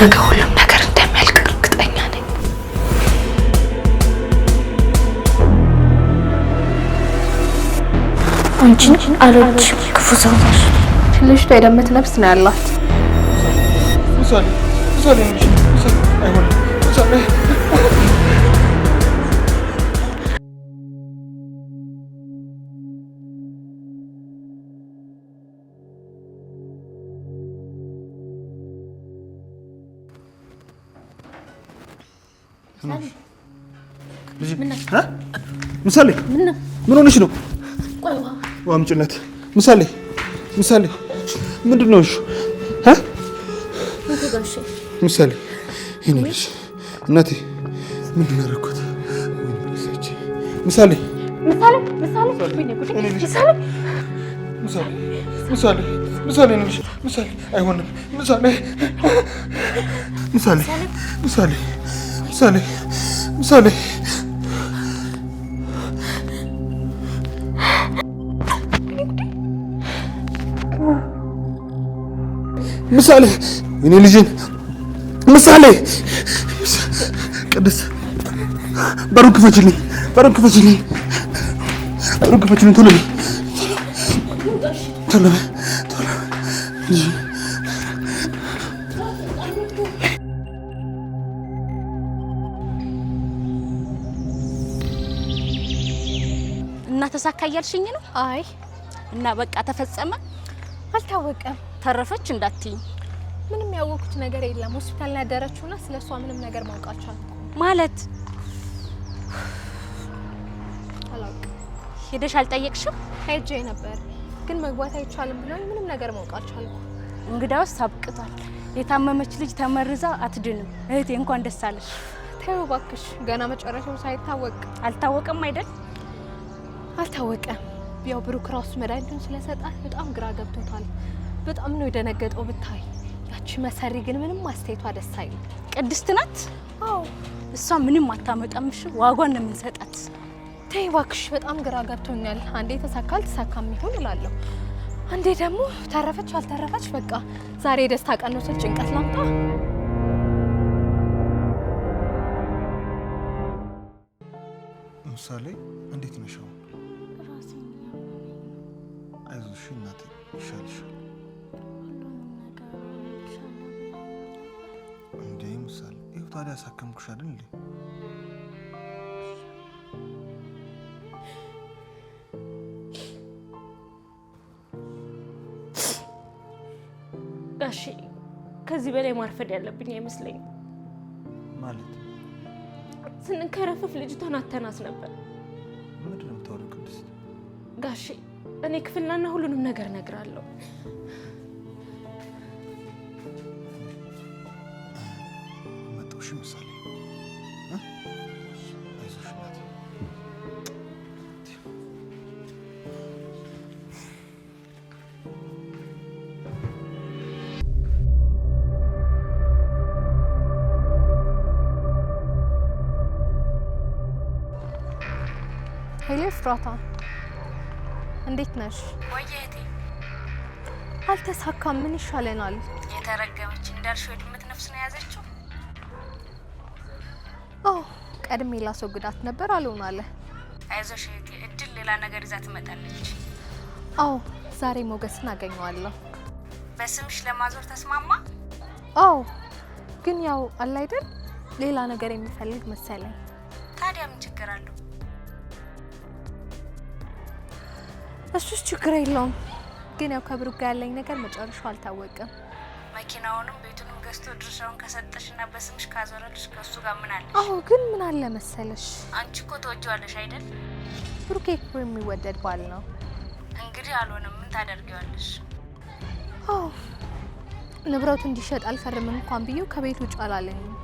ነገ ሁሉም ነገር እንደሚያልቅ እርግጠኛ ነኝ። አንቺ አለች ክፉ ሰው ነሽ። ልጅቷ የደመት ነፍስ ነው ያላት። ምሳሌ ምን ሆነሽ ነው? ዋ ምጭነት ምሳሌ ምሳሌ ምንድን ነው? እሺ ምሳሌ ይሄን ልጅ እናቴ ምንድን ነው ያደረኩት? ምሳሌ ምሳሌ ምሳሌ ምሳሌ አይሆንም። ምሳሌ ምሳሌ ምሳሌ ምሳሌ ምሳሌ እኔ ልጅን ምሳሌ ቅድስት በሩን ክፈችልኝ፣ በሩን ክፈችልኝ፣ በሩን ክፈችልኝ። ቶሎ ቶሎ ቶሎ እና ተሳካ እያልሽኝ ነው? አይ እና በቃ ተፈጸመ አልታወቀም። ተረፈች እንዳትኝ። ምንም ያወቅኩት ነገር የለም። ሆስፒታል ላይ ያደረችውና ስለ እሷ ምንም ነገር ማውቃቸዋል ማለት አላውቅም። ሄደሽ አልጠየቅሽም? ሄጄ ነበር ግን መግባት አይቻልም ብለ ምንም ነገር ማውቃቸዋል። እንግዳውስ አብቅቷል። የታመመች ልጅ ተመርዛ አትድንም። እህቴ እንኳን ደስ አለሽ። ተይው እባክሽ፣ ገና መጨረሻው ሳይታወቅ አልታወቀም አይደል? አልታወቀም። ያው ብሩክ ራሱ መድኃኒቱን ስለሰጣት በጣም ግራ ገብቶታል። በጣም ነው የደነገጠው። ብታይ ያቺ መሰሪ ግን ምንም አስተያየቷ ደስ አይል። ቅድስት ናት። አዎ እሷ ምንም አታመጣምሽ። ዋጓን ነው የምንሰጣት። ተይ እባክሽ፣ በጣም ግራ ገብቶኛል። አንዴ ተሳካ አልተሳካም ይሁን እላለሁ፣ አንዴ ደግሞ ተረፈች አልተረፈች። በቃ ዛሬ ደስታ ቀን ነው ስል ጭንቀት ላምጣ። ምሳሌ እንዴት ነሽ? አይዞሽ እናቴ፣ ይሻልሻል አሳከምኩሽ አይደል እንዴ? ጋሺ ከዚህ በላይ ማርፈድ ያለብኝ አይመስለኝም። ማለት ስንከረፍፍ ልጅቷን አተናት ነበር። ምንድን ነው የምታወሪው ቅድስት? ጋሺ እኔ ክፍልናና ሁሉንም ነገር እነግራለሁ። እሺ ምሳሌ አይዞሽ እናቴ። ሄሎ ኤፍራታ፣ እንዴት ነሽ? ወይዬ እህቴ፣ አልተሳካም። ምን ይሻለናል? የተረገመች እንዳልሽ የድመት ነፍስ ነው የያዘችው። አዎ ቀድሜ ላስወግዳት ነበር አልሆን አለ። አይዞሽ እህቴ፣ እድል ሌላ ነገር ይዛ ትመጣለች። አዎ ዛሬ ሞገስን አገኘዋለሁ። በስምሽ ለማዞር ተስማማ? አዎ ግን ያው አለ አይደል ሌላ ነገር የሚፈልግ መሰለኝ። ታዲያ ምን ችግር አለው? እሱስ ችግር የለውም። ግን ያው ከብሩክ ጋር ያለኝ ነገር መጨረሻው አልታወቅም። መኪናውንም ቤቱን ገዝቶ ድርሻውን ና በስምሽ ካዞረልሽ ከሱ ጋር ምን አለሽ? አዎ ግን ምን አለ መሰለሽ፣ አንቺ እኮ ተወጂዋለሽ አይደል? ብሩኬ እኮ የሚወደድ ባል ነው። እንግዲህ አልሆነም፣ ምን ታደርጊዋለሽ? አዎ ንብረቱ እንዲሸጥ አልፈርም እንኳን ብዬው ከቤት ውጭ አላለኝም።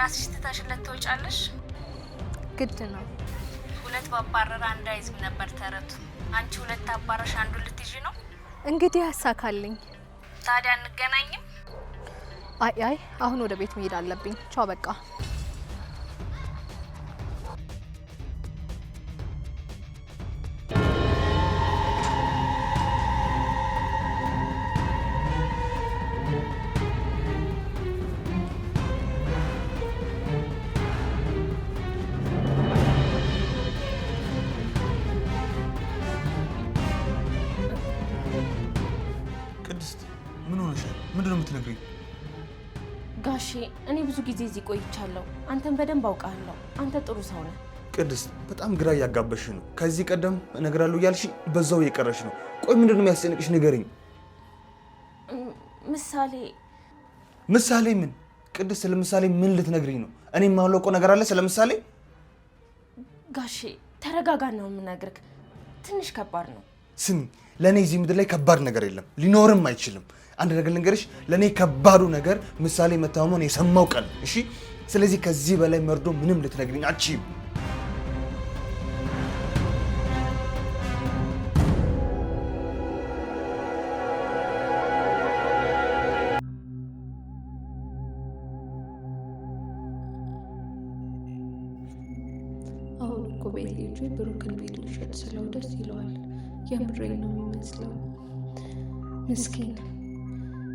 ራስሽ ትታሽለት ትወጫለሽ። ግድ ነው። ሁለት ባባረር አንድ አይዝም ነበር ተረቱ። አንቺ ሁለት አባረሽ አንዱ ልትይዥ ነው። እንግዲህ ያሳካልኝ። ታዲያ አንገናኝም? አይ አይ አሁን ወደ ቤት መሄድ አለብኝ። ቻው በቃ። ቅድስት ምን ሆነሻል? ምንድን ነው የምትነግሪኝ? እኔ ብዙ ጊዜ እዚህ ቆይቻለሁ። አንተን በደንብ አውቃለሁ። አንተ ጥሩ ሰው ነህ። ቅድስት፣ በጣም ግራ እያጋበሽ ነው። ከዚህ ቀደም እነግራለሁ እያልሽ በዛው እየቀረሽ ነው። ቆይ ምንድን ነው የሚያስጨንቅሽ? ንገሪኝ። ምሳሌ ምሳሌ? ምን ቅድስት፣ ስለምሳሌ ምን ልትነግሪኝ ነው? እኔ የማውቀው ነገር አለ ስለምሳሌ ጋሼ፣ ተረጋጋ ነው የምነግርህ። ትንሽ ከባድ ነው። ስሚ፣ ለእኔ እዚህ ምድር ላይ ከባድ ነገር የለም፣ ሊኖርም አይችልም። አንድ ነገር ልንገርሽ፣ ለእኔ ከባዱ ነገር ምሳሌ መታመሟን የሰማው ቀን። እሺ፣ ስለዚህ ከዚህ በላይ መርዶ ምንም ልትነግርኝ አችም ብሩክን ይለዋል። የምሬ ነው የሚመስለው ምስኪን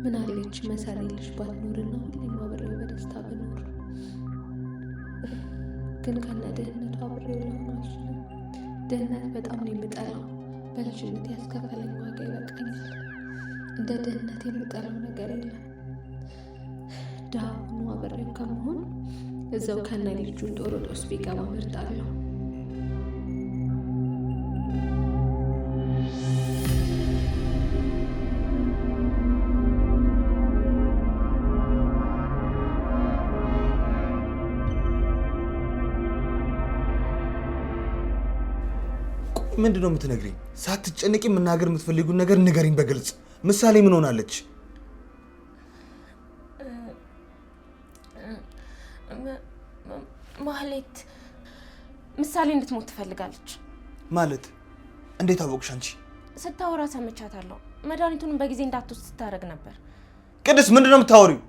ምን አለች መሳሌ ልጅ ባትኖርና ሁሌም አብሬው በደስታ ብኖር። ግን ከነ ደህንነቱ አብሬው ልሆን አልችልም። ድህነት በጣም ነው የምጠላው። በልጅነት ያስከፈለኝ ዋጋ ይበቃኛል። እንደ ድህነት የምጠላው ነገር የለም። ዳሁኑ ሆኖ አብሬው ከመሆን እዛው ከነ ልጁ ጦሮጦስ ቢገባ እመርጣለሁ። ምንድን ነው የምትነግሪኝ? ሳትጨነቂ መናገር የምትፈልጉን ነገር ንገሪኝ በግልጽ። ምሳሌ ምን ሆናለች? ማህሌት ምሳሌ እንድትሞት ትፈልጋለች። ማለት እንዴት አወቅሽ አንቺ? ስታወራ ሰምቻታለሁ። መድኃኒቱንም በጊዜ እንዳትወስድ ስታደርግ ነበር። ቅድስት ምንድን ነው የምታወሪው?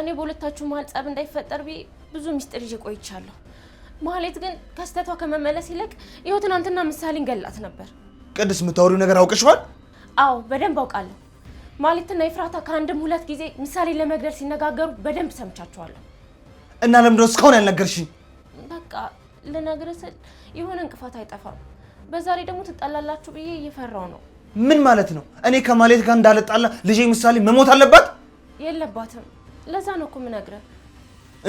እኔ በሁለታችሁ መሀል ጸብ እንዳይፈጠር ብዬ ብዙ ሚስጥር ይዤ ቆይቻለሁ። ማህሌት ግን ከስተቷ ከመመለስ ይልቅ ይኸው ትናንትና ምሳሌን ገላት ነበር። ቅድስት የምታወሪው ነገር አውቅሽዋል? አዎ በደንብ አውቃለሁ። ማህሌትና የፍራታ ከአንድም ሁለት ጊዜ ምሳሌ ለመግደል ሲነጋገሩ በደንብ ሰምቻቸዋለሁ። እና ለምንድን ነው እስካሁን ያልነገርሽኝ? በቃ ልነግርህ ስል የሆነ እንቅፋት አይጠፋም። በዛሬ ደግሞ ትጣላላችሁ ብዬ እየፈራው ነው። ምን ማለት ነው? እኔ ከማህሌት ጋር እንዳልጣላ ልጄ ምሳሌ መሞት አለባት? የለባትም። ለዛ ነው እኮ የምነግርህ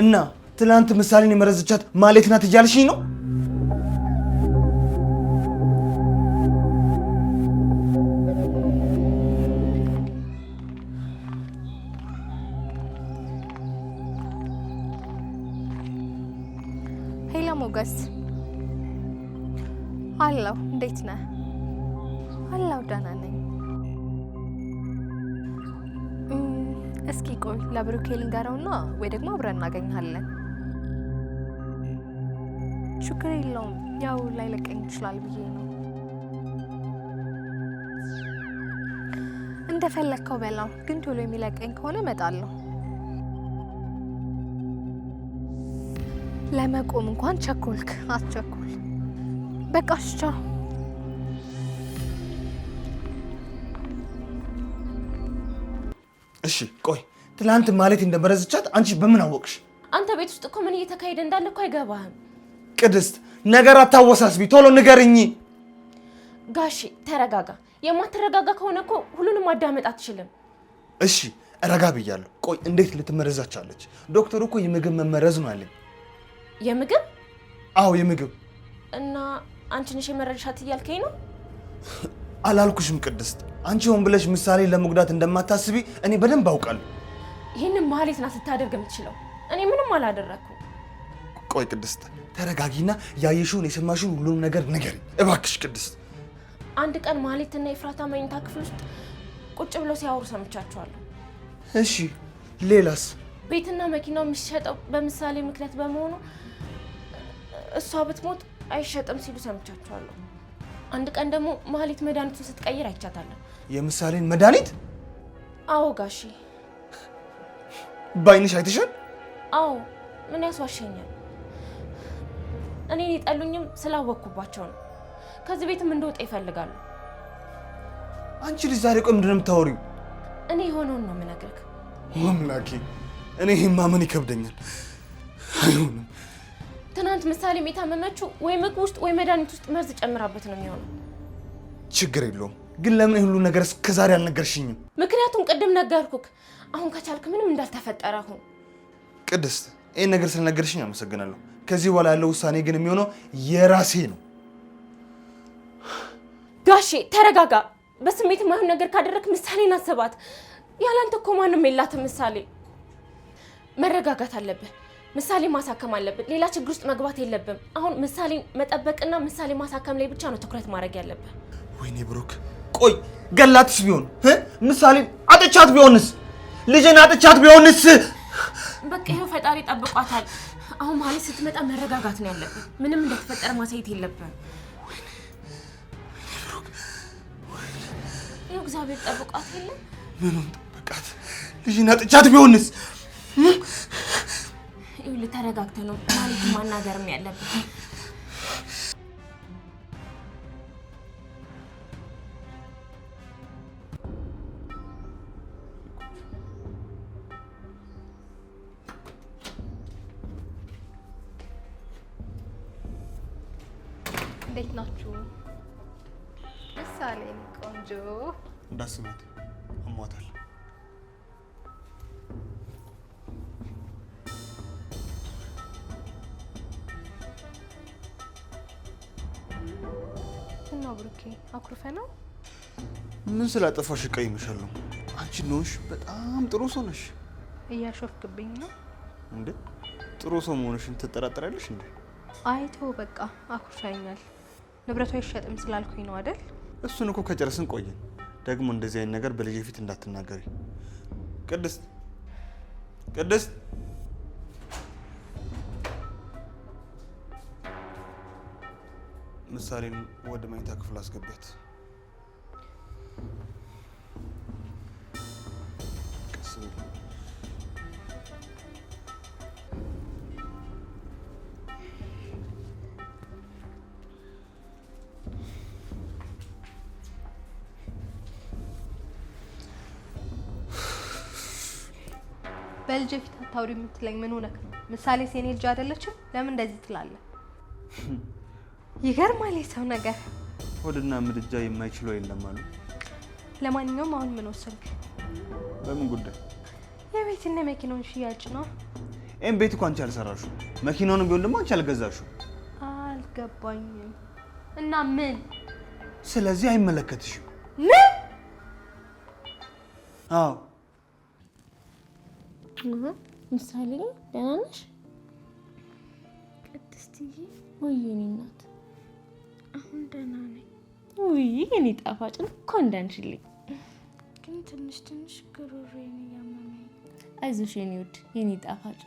እና ትላንት ምሳሌን የመረዘቻት ማሌት ናት እያልሽኝ ነው? ሄሎ ሞገስ፣ አለሁ። እንዴት ነህ? አለሁ፣ ደህና ነኝ። እስኪ ቆይ ላብሩኬ ልንገረውና ወይ ደግሞ አብረን እናገኘሃለን። ችግር የለውም ያው ለቀኝ ይችላል ብዬ ነው። እንደፈለግከው በላው፣ ግን ቶሎ የሚለቀኝ ከሆነ እመጣለሁ። ለመቆም እንኳን ቸኮልክ። አትቸኮል፣ በቃ ቻው። እሺ ቆይ፣ ትላንት ማለት እንደመረዝቻት አንቺ በምን አወቅሽ? አንተ ቤት ውስጥ እኮ ምን እየተካሄደ እንዳለ እኮ አይገባህም። ቅድስት ነገር አታወሳስቢ፣ ቶሎ ንገርኝ። ጋሺ ተረጋጋ። የማትረጋጋ ከሆነ እኮ ሁሉንም ማዳመጥ አትችልም። እሺ ረጋ ብያለሁ። ቆይ እንዴት ልትመረዛቻለች? ዶክተሩ እኮ የምግብ መመረዝ ነው አለኝ። የምግብ አዎ፣ የምግብ እና አንቺ ነሽ የመረሻት እያልከኝ ነው? አላልኩሽም ቅድስት፣ አንቺ ሆን ብለሽ ምሳሌ ለመጉዳት እንደማታስቢ እኔ በደንብ አውቃለሁ። ይህንን ማህሌት ናት ስታደርግ የምትችለው፣ እኔ ምንም አላደረግኩም። ቆይ ቅድስት ተረጋጊና ያየሽውን የሰማሽውን ሁሉንም ነገር ንገሪኝ እባክሽ ቅድስት። አንድ ቀን ማህሌትና የፍራታ መኝታ ክፍል ውስጥ ቁጭ ብለው ሲያወሩ ሰምቻቸዋለሁ። እሺ ሌላስ? ቤትና መኪናው የሚሸጠው በምሳሌ ምክንያት በመሆኑ እሷ ብትሞት አይሸጥም ሲሉ ሰምቻቸዋለሁ። አንድ ቀን ደግሞ ማህሌት መድኃኒቱን ስትቀይር አይቻታለሁ። የምሳሌን መድኃኒት? አዎ ጋሼ። በአይንሽ አይተሻል? አዎ ምን ያስዋሸኛል? እኔ ሊጠሉኝም ስላወቅኩባቸው ነው። ከዚህ ቤትም እንደወጣ ይፈልጋሉ። አንቺ ልጅ ዛሬ ቆይ፣ ምንድን ነው የምታወሪው? እኔ የሆነውን ነው የምነግርህ። አምላኬ፣ እኔ ይህን ማመን ይከብደኛል። አይሆንም። ትናንት ምሳሌ የታመመችው ወይ ምግብ ውስጥ ወይ መድኃኒት ውስጥ መርዝ ጨምራበት ነው የሚሆነው። ችግር የለውም ግን ለምን ሁሉ ነገር እስከዛሬ አልነገርሽኝም? ምክንያቱም ቅድም ነገርኩክ። አሁን ከቻልክ ምንም እንዳልተፈጠረ አሁን? ቅድስት፣ ይህን ነገር ስለነገርሽኝ አመሰግናለሁ። ከዚህ በኋላ ያለው ውሳኔ ግን የሚሆነው የራሴ ነው። ጋሼ ተረጋጋ። በስሜት የማይሆን ነገር ካደረግ ምሳሌን አስባት። ያላንተ እኮ ማንም የላትም ምሳሌ። መረጋጋት አለብን። ምሳሌ ማሳከም አለብን። ሌላ ችግር ውስጥ መግባት የለብም። አሁን ምሳሌ መጠበቅና ምሳሌ ማሳከም ላይ ብቻ ነው ትኩረት ማድረግ ያለብን። ወይኔ ብሩክ፣ ቆይ ገላትስ ቢሆን ምሳሌ አጥቻት ቢሆንስ? ልጅን አጥቻት ቢሆንስ? በቃ ይኸው ፈጣሪ ጠብቋታል። አሁን ማለት ስትመጣ መረጋጋት ነው ያለብን። ምንም እንደተፈጠረ ማሳየት የለብን። ይኸው እግዚአብሔር ጠብቋት የለ ምንም ጠብቃት። ልጅና ጥቻት ቢሆንስ? ይኸውልህ ተረጋግተህ ነው ማለት ማናገርም ያለብን ምን ስላጠፋሽ እቀይምሻለሁ? አንቺ ነሽ በጣም ጥሩ ሰው ነሽ። እያሾፍክብኝ ነው እንዴ? ጥሩ ሰው መሆንሽን ትጠራጠራለሽ እንዴ? አይቶ በቃ አኩርፋኛል። ንብረቱ አይሸጥም ስላልኩኝ ነው አይደል? እሱን እኮ ከጨረስን ቆየን። ደግሞ እንደዚህ አይነት ነገር በልጄ ፊት እንዳትናገሪ። ቅድስት ቅድስት ምሳሌን ወደ መኝታ ክፍል አስገባት። አታውሪ የምትለኝ ምን ሆነክ ነው? ምሳሌ ሴኔ ልጅ አይደለችም? ለምን እንደዚህ ትላለህ? ይገርማል የሰው ነገር። ሆድና ምድጃ የማይችለው የለም አሉ። ለማንኛውም አሁን ምን ወሰንክ? በምን ጉዳይ? የቤትና የመኪናውን ሽያጭ ነው። ይህም ቤት እኮ አንቺ አልሰራሹ፣ መኪናውንም ቢሆን ደግሞ አንቺ አልገዛሹ። አልገባኝም። እና ምን? ስለዚህ አይመለከትሽም። ምን? አዎ ምሳሌ ደህና ነሽ? ቅድስትዬ ወይ የኔ እናት አሁን ደህና ነኝ። ውይ የኔ ጣፋጭ እንኳን እንዳንሽልኝ። ግን ትንሽ ትንሽ ግሮሮን እያመመኝ። አይዞሽ የኔ ውድ የኔ ጣፋጭ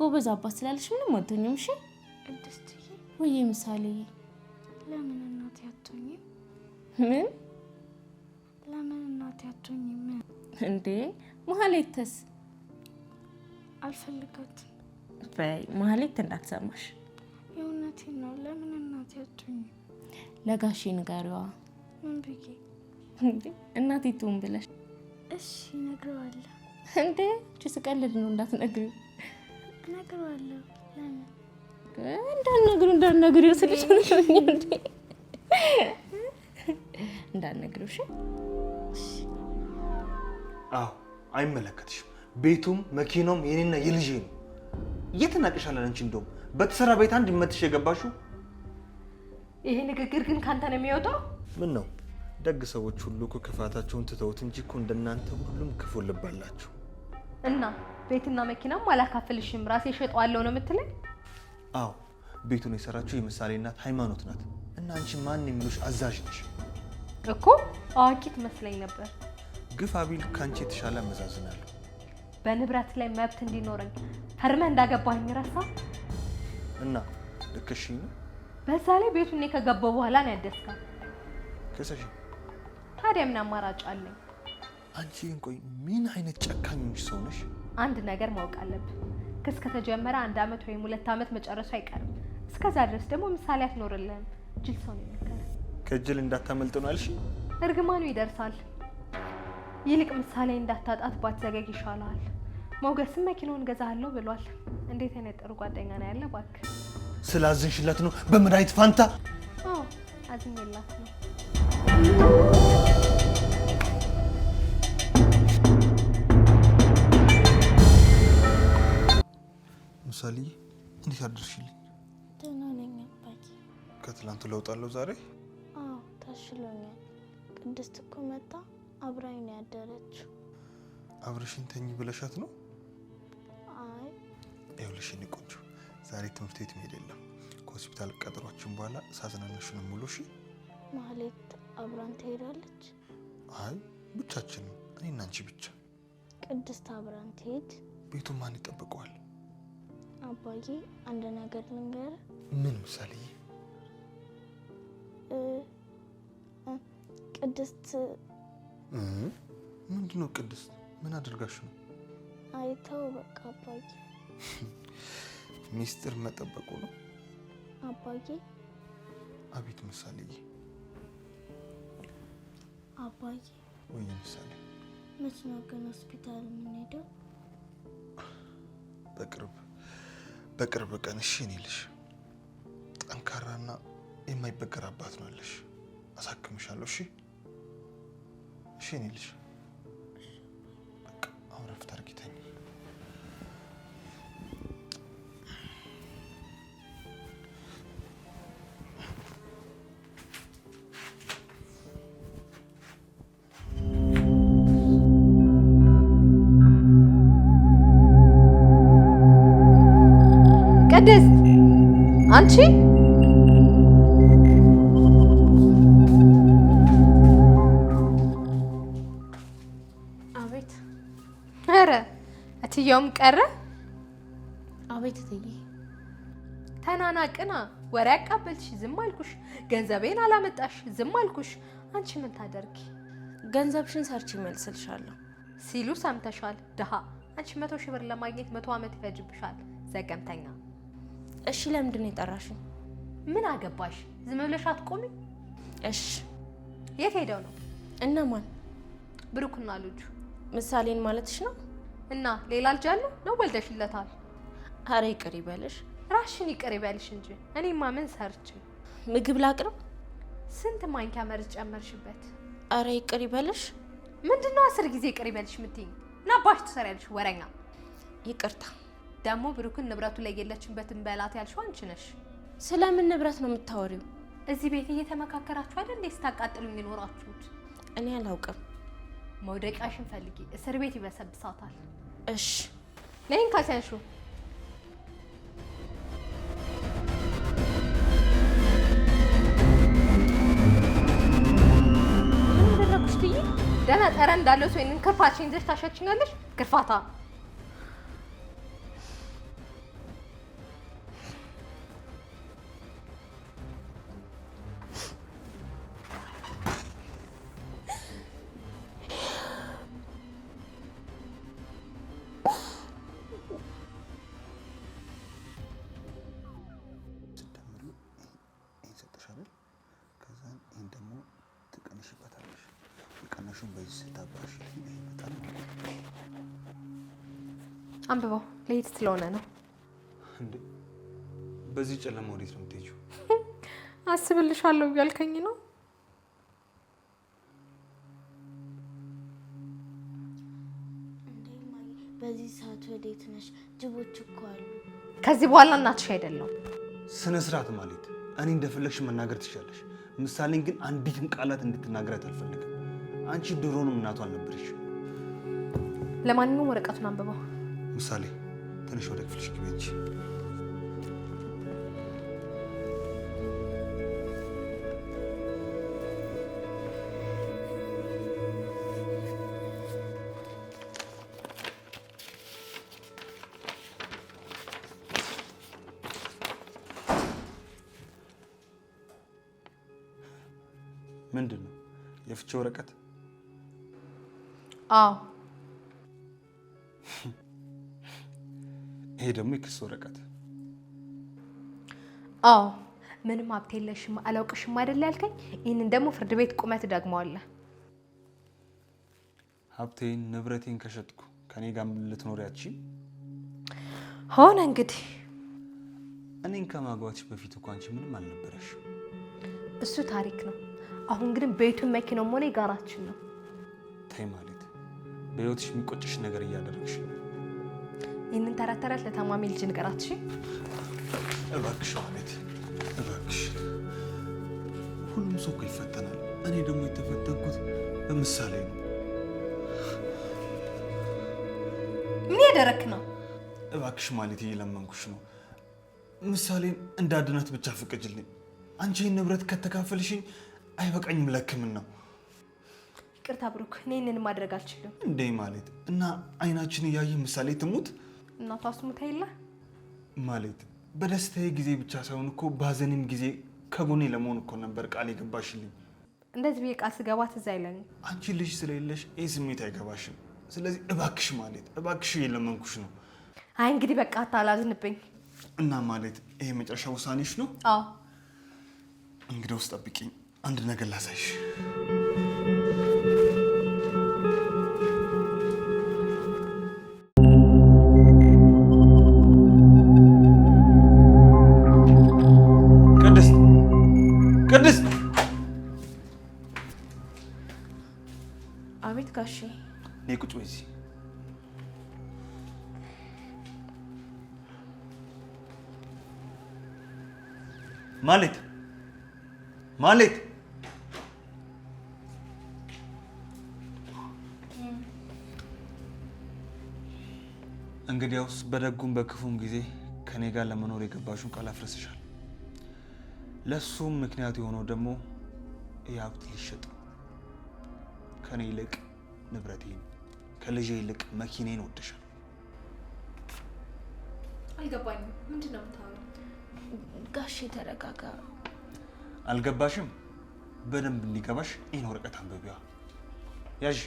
ጎበዝ አባት ስላለሽ ምንም አትሆኝም። እሺ ቅድስትዬ ወይ ምሳሌ ለምን እናት አትሆኝም? ምን ለምን እናቴ አትሆኝም? እንዴ መሀል መሀሌትስ አልፈልጋትም። በይ ማህሌት እንዳትሰማሽ። የእውነቴን ነው። ለምን እናቴ አትሆኝ? ለጋሼ ንገሪዋ። ምን ብዬ እናቴ ትሁን ብለሽ? እሺ እነግረዋለሁ። እንዴ እቺ ስቀልድ ነው። እንዳትነግሪ። እነግረዋለሁ። ለምን እንዳትነግሪው? እንዳትነግሪው ስልሽ እንዴ እንዳትነግሪው። እሺ። አዎ አይመለከትሽም ቤቱም መኪናውም የኔና የልጄ ነው። እየተናቀሻለን አንቺ። እንደውም በተሰራ ቤት አንድ መትሽ የገባሽው። ይሄ ንግግር ግን ካንተ ነው የሚወጣው። ምን ነው ደግ ሰዎች ሁሉ እኮ ክፋታቸውን ትተውት እንጂ እኮ እንደናንተ ሁሉም ክፉ ልብ አላቸው። እና ቤትና መኪናም አላካፍልሽም ራሴ እሸጠዋለሁ ነው የምትለኝ? አዎ ቤቱን የሰራችው የምሳሌ እናት ሃይማኖት ናት። እና አንቺ ማን የሚሉሽ አዛዥ ነሽ እኮ። አዋቂ ትመስለኝ ነበር። ግፋ ቢል ከአንቺ የተሻለ አመዛዝናለሁ በንብረት ላይ መብት እንዲኖረኝ ፈርመህ እንዳገባኝ ረሳ እና ልክሽ ነው። በዛ ላይ ቤቱ እኔ ከገባሁ በኋላ ነው ያደስከው። ከሰሽ ታዲያ ምን አማራጭ አለኝ? አንቺ እንቆይ ምን አይነት ጨካኞች ሰው ነሽ? አንድ ነገር ማወቅ አለብን። ክስ ከተጀመረ አንድ አመት ወይም ሁለት አመት መጨረሱ አይቀርም። እስከዛ ድረስ ደግሞ ምሳሌ አትኖርልህም። ጅል ሰው ነው የነገረህ። ከጅል እንዳታመልጥ ነው አልሽ? እርግማኑ ይደርሳል። ይልቅ ምሳሌ እንዳታጣት ባትዘገግ ይሻላል። ሞገስም መኪናውን ገዛለሁ ብሏል። እንዴት አይነት ጥሩ ጓደኛ ነው ያለ። እባክህ ስላዘንሽላት ነው በመድኃኒት ፋንታ? አዎ አዝኜላት ነው። ምሳሌ እንዴት አደርሽልኝ? ደህና ነኝ አባዬ። ከትላንቱ ዛሬ? አዎ ታሽሎኛል። ቅድስት እኮ መጣ አብራኝ ነው ያደረችው። አብረሽኝ ተኝ ብለሻት ነው? አይ ይኸውልሽ፣ የእኔ ቆንጆ ዛሬ ትምህርት ቤት መሄድ የለም። ከሆስፒታል ቀጠሯችን በኋላ ሳዝናናሽ ነው ሙሉ። እሺ። ማለት አብራን ትሄዳለች? አይ ብቻችን ነው፣ እኔ እና አንቺ ብቻ። ቅድስት አብራን ትሄድ? ቤቱ ማን ይጠብቀዋል? አባዬ፣ አንድ ነገር ልንገርህ። ምን? ምሳሌዬ፣ ቅድስት ምንድን ነው ቅድስት? ምን አድርጋሽ ነው? አይተው በቃ አባዬ። ሚስጥር መጠበቁ ነው አባዬ። አቤት ምሳሌዬ። አባዬ ወይ ምሳሌ፣ መች ነው ግን ሆስፒታል የምንሄደው? በቅርብ በቅርብ ቀን። እሺ እኔ ልሽ ጠንካራና የማይበገር አባት ነው ያለሽ። አሳክምሻለሁ። እሺ እሺ እኔ ልሽ አሁን ረፍት አድርጊተኝ። ቅድስት አንቺ ኧረ እትየውም ቀረ። አቤት እትዬ። ተናናቅና ወሬ አቃበልሽ ዝም አልኩሽ። ገንዘቤን አላመጣሽ ዝም አልኩሽ። አንቺ ምን ታደርጊ? ገንዘብሽን ሰርች ይመልስልሻለሁ ሲሉ ሰምተሻል? ድሃ አንቺ መቶ ሺህ ብር ለማግኘት መቶ ዓመት ይፈጅብሻል። ዘገምተኛ። እሺ ለምንድን ነው የጠራሽኝ? ምን አገባሽ? ዝም ብለሽ አትቆሚ። እሺ የት ሄደው ነው? እነማን? ብሩክና ልጁ። ምሳሌን ማለትሽ ነው? እና ሌላ ልጅ አለ ነው ወልደሽለታል? አረ ይቅር ይበልሽ። ራሽን ይቅር ይበልሽ እንጂ እኔማ ምን ሰርች። ምግብ ላቅርብ? ስንት ማንኪያ መርዝ ጨመርሽበት? አረ ይቅር ይበልሽ። ምንድነው አስር ጊዜ ይቅር ይበልሽ የምትይኝ? ና ባሽ ትሰሪያለሽ ወረኛ። ይቅርታ ደግሞ ብሩክን ንብረቱ ላይ የለችበትን በላት ያልሽው አንቺ ነሽ። ስለምን ንብረት ነው የምታወሪው? እዚህ ቤት እየተመካከራችሁ አይደል ስታቃጥሉ የሚኖራችሁት? እኔ አላውቅም። መውደቂያሽን ፈልጊ። እስር ቤት ይበሰብሳታል። እሺ ለይን ካሲያሹ ደህና ጠረን እንዳለው ሰው ይህንን ክርፋችን ይዘሽ ታሸችኛለሽ። ክርፋታ ስትደምሪው ይህን ሰጥሻለል። ከዛን ይህን ደግሞ ትቀንሽበታለሽ። የቀነሹን በዚህ ስታባሽ ይህ አንብበው ለሄድ ስለሆነ ነው። እንዴ በዚህ ጨለማ ወዴት ነው የምትሄጂው? አስብልሻለሁ እያልከኝ ነው እንዴት ነሽ? ጅቦች እኮ አሉ። ከዚህ በኋላ እናትሽ አይደለም። ስነ ስርዓት ማለት እኔ እንደፈለግሽ መናገር ትችላለሽ። ምሳሌን ግን አንዲትም ቃላት እንድትናገራት አልፈልግም። አንቺ ድሮንም እናቷ አልነበረሽ። ለማንኛውም ወረቀቱን አንብበው። ምሳሌ ትንሽ ወደ ክፍልሽ ግቢ። ያለችው ወረቀት? አዎ። ይሄ ደግሞ የክስ ወረቀት። አዎ። ምንም ሀብት የለሽም አላውቅሽም አይደል ያልከኝ? ይህንን ደግሞ ፍርድ ቤት ቁመት ደግመዋለ። ሀብቴን ንብረቴን ከሸጥኩ ከኔ ጋር ልትኖሪ አትችይም። ሆነ እንግዲህ እኔን ከማግባትሽ በፊት እኮ አንቺ ምንም አልነበረሽ። እሱ ታሪክ ነው። አሁን ግን ቤቱን መኪናውም ሆነ የጋራችን ነው። ታይ ማለት በህይወትሽ የሚቆጭሽ ነገር እያደረግሽ ነው። ይህንን ተረት ተረት ለታማሚ ልጅ ንገራት። እሺ እባክሽ ማለት እባክሽ። ሁሉም ሰው እኮ ይፈተናል። እኔ ደግሞ የተፈተንኩት በምሳሌ ነው። ምን ያደረክ ነው? እባክሽ ማለት እየለመንኩሽ ነው። ምሳሌ እንዳድናት ብቻ ፍቅጅልኝ። አንቺ ይህን ንብረት ከተካፈልሽኝ አይበቃኝም ለህክምናው። ይቅርታ ብሩክ፣ እኔ ይህንን ማድረግ አልችልም። እንዴ ማለት እና አይናችን እያየ ምሳሌ ትሙት እናቷ አስሙታ የለ ማለት በደስታዬ ጊዜ ብቻ ሳይሆን እኮ በሀዘንም ጊዜ ከጎኔ ለመሆን እኮ ነበር ቃል የገባሽልኝ። እንደዚህ ብዬ ቃል ስገባ ትዝ አይለኝ። አንቺ ልጅ ስለሌለሽ ይህ ስሜት አይገባሽም። ስለዚህ እባክሽ ማለት እባክሽ የለመንኩሽ ነው። አይ እንግዲህ በቃ አታላዝንብኝ እና ማለት ይሄ መጨረሻ ውሳኔሽ ነው? አዎ እንግዲህ ውስጥ ጠብቂኝ አንድ ነገር ላሳይሽ። ቅድስት አቤት ማሌት ማሌት እንግዲያውስ በደጉም በክፉም ጊዜ ከኔ ጋር ለመኖር የገባሽውን ቃል አፍረስሻል። ለእሱም ምክንያት የሆነው ደግሞ የሀብት ሊሸጥ ነው። ከእኔ ይልቅ ንብረቴን፣ ከልጄ ይልቅ መኪኔን ወደሻል። አልገባኝም። ምንድን ነው የምታወራው? ጋሼ ተረጋጋ። አልገባሽም? በደንብ እንዲገባሽ ይህን ወረቀት አንብቢዋ ያዥ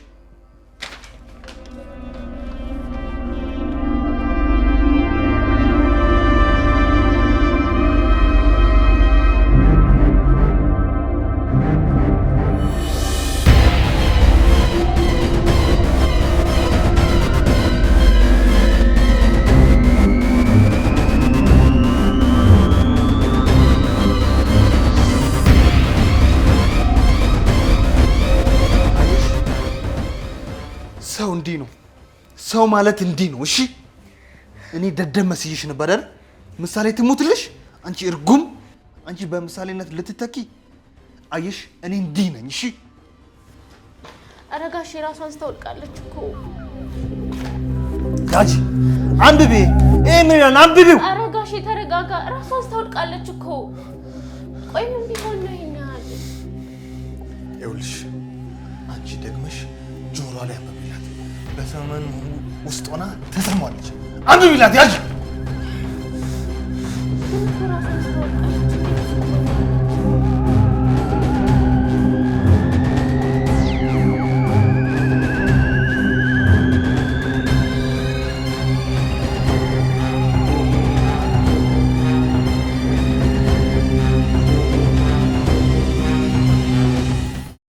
ሰው ማለት እንዲህ ነው። እሺ እኔ ደደብ መስዬሽ ነበር አይደል? ምሳሌ ትሙትልሽ አንቺ እርጉም፣ አንቺ በምሳሌነት ልትተኪ። አየሽ እኔ እንዲህ ነኝ። እሺ አረጋሽ የራሷን ስታወልቃለች እኮ ጋጂ አንብቤ ይህ ምን ይላል? አንብቤው አረጋሽ የተረጋጋ ራሷን ስታወልቃለች እኮ ቆይ ምን ቢሆን ነው ይሄን ያህል? ይኸውልሽ አንቺ ደግመሽ ጆሮ ላይ አንብቤላት በሰመኑ ውስጥ ሆና ተሰማለች። አንዱ ይላት ያጅ